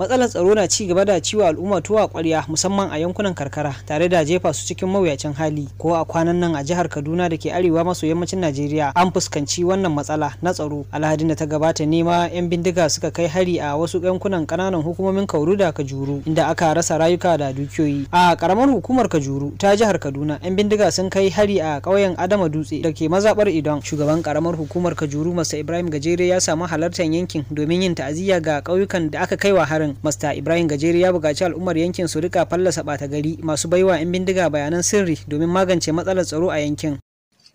matsalar tsaro na ci gaba da ciwa al'umma tuwa kwarya musamman a yankunan karkara tare da jefa su cikin mawuyacin hali ko a kwanan nan a jihar kaduna da ke arewa maso yammacin najeriya an fuskanci wannan matsala na tsaro alhadin da ta gabata nema yan bindiga suka kai hari a wasu yankunan kananan hukumomin kauru da kajuru inda aka rasa rayuka da dukiyoyi a karamar hukumar kajuru ta jihar kaduna yan bindiga sun kai hari a ƙauyen adama dutse da ke mazabar idon shugaban karamar hukumar kajuru masa ibrahim gajere ya samu halartar yankin domin yin ta'aziyya ga ƙauyukan da aka kai wa harin mr masta ibrahim gajeri ya bukaci al'ummar yankin su rika fallasa bata gari masu baiwa 'yan bindiga bayanan sirri domin magance matsalar tsaro a yankin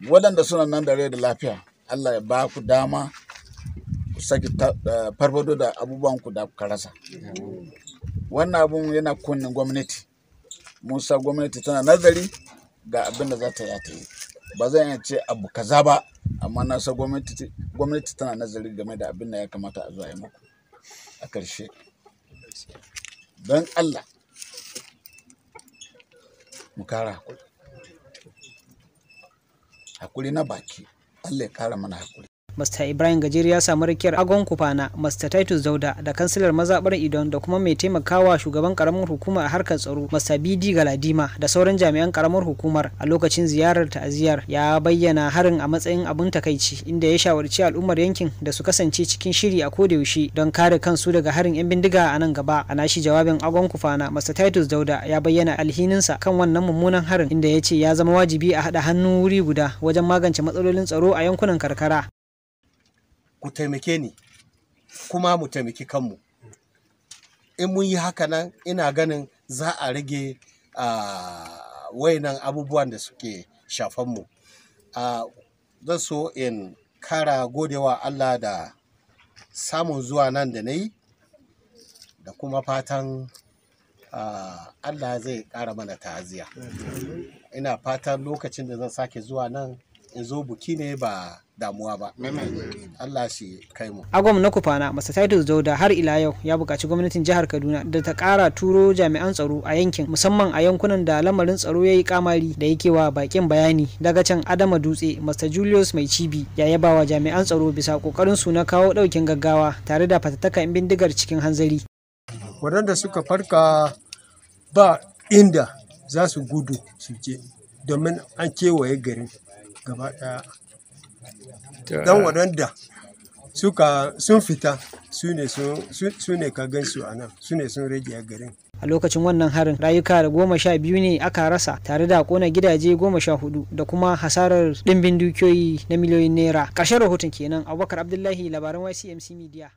waɗanda suna nan da rai da lafiya allah ya ba ku dama ku saki eh, farfado da abubuwan ku da ka rasa wannan abun yana kunnin gwamnati musa gwamnati tana nazari ga abin da za ta yi ba zan iya ce abu kaza ba amma na sa gwamnati tana nazari game da abin da ya kamata a zuwa yi muku a ƙarshe don Allah mu kara hakuri hakuri na baki Allah ya kara mana hakuri Mr. Ibrahim Gajeri ya samu rikiyar Agon Kufana, Mr. Titus Dauda da kansilar mazaɓar Idon da kuma mai taimakawa shugaban karamar hukuma a harkar tsaro Mr. BD Galadima da sauran jami'an karamar hukumar a lokacin ziyarar ta'aziyar ya bayyana harin a matsayin abun takaici inda ya shawarci al'ummar yankin da su kasance cikin shiri a kodayaushe don kare kansu daga harin 'yan bindiga a nan gaba. A nashi jawabin Agon Kufana, Mr. Titus Dauda ya bayyana alhininsa kan wannan mummunan harin inda ya ce ya zama wajibi a haɗa hannu wuri guda wajen magance matsalolin tsaro a yankunan karkara. ku taimake ni kuma mu taimaki kanmu in mun yi haka nan ina ganin za a rage ah, wayanan abubuwan da suke shafanmu ah, zan so in kara godewa allah da samun zuwa nan da na yi da kuma fatan ah, allah zai kara mana ta'aziya. ina fatan lokacin da zan sake zuwa nan in zo buki ne ba damuwa ba Allah shi kai mu a gwamna kufana Mr. titus dauda har ila yau ya buƙaci gwamnatin jihar kaduna da ta ƙara turo jami'an tsaro a yankin musamman a yankunan da lamarin tsaro ya yi kamari da yake wa bakin bayani daga can adama dutse mr julius mai cibi ya yaba wa jami'an tsaro bisa ƙoƙarin su na kawo ɗaukin gaggawa tare da fatattakan bindigar cikin hanzari waɗanda suka farka ba inda za su gudu su je domin an kewaye garin gaba ɗaya don waɗanda suka sun fita su ne ka su a nan su ne sun rage a garin a lokacin wannan harin rayuka da goma sha biyu ne aka rasa tare da kona gidaje goma sha hudu da kuma hasarar ɗimbin dukiyoyi na miliyoyin naira ƙarshen rahoton kenan abubakar abdullahi labaran ycmc media